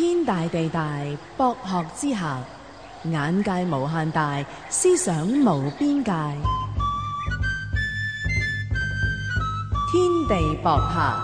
天大地大，博學之下眼界無限大，思想無邊界。天地博客，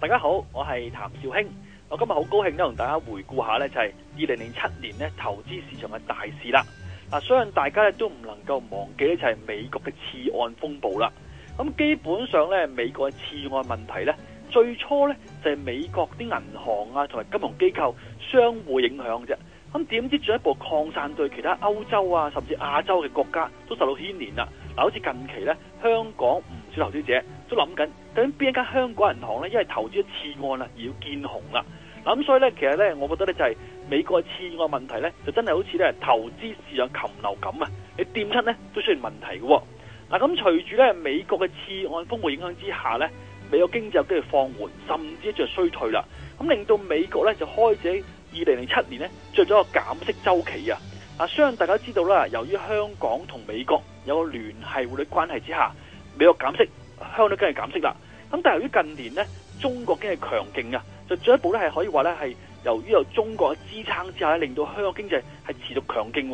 大家好，我係譚紹興。我今日好高興咧，同大家回顧下呢就係二零零七年投資市場嘅大事啦。嗱，相信大家咧都唔能夠忘記呢就係美國嘅次按風暴啦。咁基本上呢，美國嘅次按問題呢。最初呢，就係美國啲銀行啊，同埋金融機構相互影響啫。咁點知進一步擴散對其他歐洲啊，甚至亞洲嘅國家都受到牽連啦。嗱，好似近期呢，香港唔少投資者都諗緊，究竟邊一間香港銀行呢，因為投資咗次案啊而要見紅啦。嗱，咁所以呢，其實呢，我覺得呢，就係美國嘅次案問題呢，就真係好似呢投資市場禽流感啊，你掂親呢都出現問題嘅。嗱，咁隨住呢美國嘅次案風暴影響之下呢。美國經濟有機會放緩，甚至一再衰退啦。咁令到美國咧就開始二零零七年咧進入咗個減息周期啊！相信大家知道啦，由於香港同美國有個聯繫匯率關係之下，美國減息，香港跟住減息啦。咁但係由於近年呢中國經濟強勁啊，就進一步咧係可以話咧係由於有中國嘅支撐之下咧，令到香港經濟係持續強勁。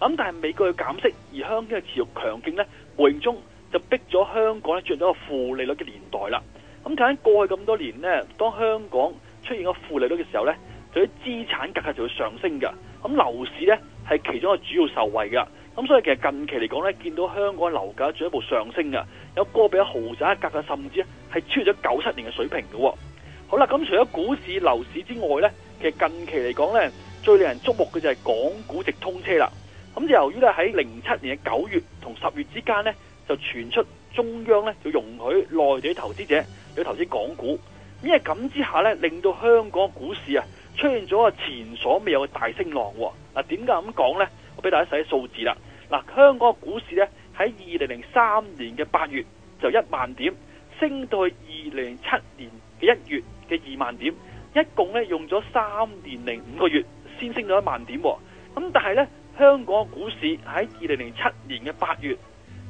咁但係美國減息，而香港係持續強勁咧，無形中就逼咗香港咧進入咗個負利率嘅年代啦。咁睇翻過去咁多年呢，當香港出現咗負利率嘅時候呢，就啲資產價格，格就會上升㗎。咁樓市呢係其中一個主要受惠㗎。咁所以其實近期嚟講呢，見到香港樓價進一步上升㗎，有個別豪宅嘅價格，格甚至係係超越咗九七年嘅水平嘅。好啦，咁除咗股市、樓市之外呢，其實近期嚟講呢，最令人矚目嘅就係港股直通車啦。咁就由於咧喺零七年嘅九月同十月之間呢，就傳出中央呢就容許內地投資者。佢頭先講股，因為咁之下呢，令到香港股市啊出現咗個前所未有嘅大升浪。嗱，點解咁講呢？我俾大家睇數字啦。嗱，香港股市呢，喺二零零三年嘅八月就一萬點，升到去二零零七年嘅一月嘅二萬點，一共呢用咗三年零五個月先升到一萬點。咁但係呢，香港股市喺二零零七年嘅八月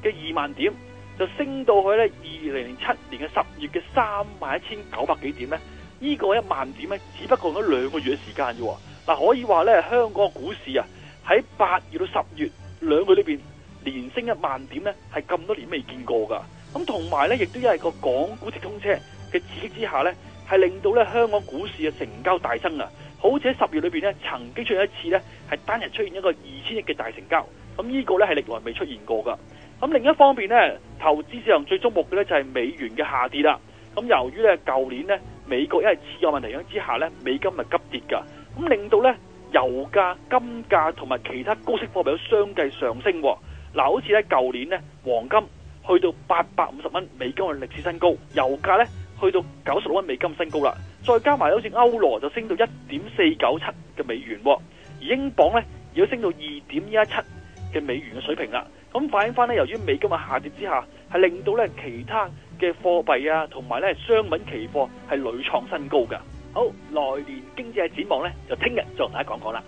嘅二萬點。就升到去咧二零零七年嘅十月嘅三萬一千九百幾點咧？呢、個一萬點咧，只不過咗兩個月嘅時間啫。嗱、啊，可以話咧，香港嘅股市啊，喺八月到十月兩個月裏邊，連升一萬點咧，係咁多年未見過噶。咁同埋咧，亦都因為個港股直通車嘅刺激之下咧，係令到咧香港股市嘅成交大增啊。好似喺十月裏邊咧，曾經出現一次咧，係單日出現一個二千億嘅大成交，咁、啊這個、呢個咧係歷來未出現過噶。咁另一方面呢，投資市場最矚目嘅呢，就係美元嘅下跌啦。咁由於呢，舊年呢，美國因為次按問題之下呢，美金咪急跌㗎，咁令到呢油價、金價同埋其他高息貨幣都相繼上升。嗱，好似呢，舊年呢，黃金去到八百五十蚊美金嘅歷史新高，油價呢，去到九十六蚊美金新高啦。再加埋好似歐羅就升到一點四九七嘅美元，而英鎊呢，如果升到二點一七嘅美元嘅水平啦。咁反映翻咧，由於美金嘅下跌之下，係令到咧其他嘅貨幣啊，同埋咧商品期貨係屢創新高噶。好，來年經濟嘅展望咧，就聽日再同大家講講啦。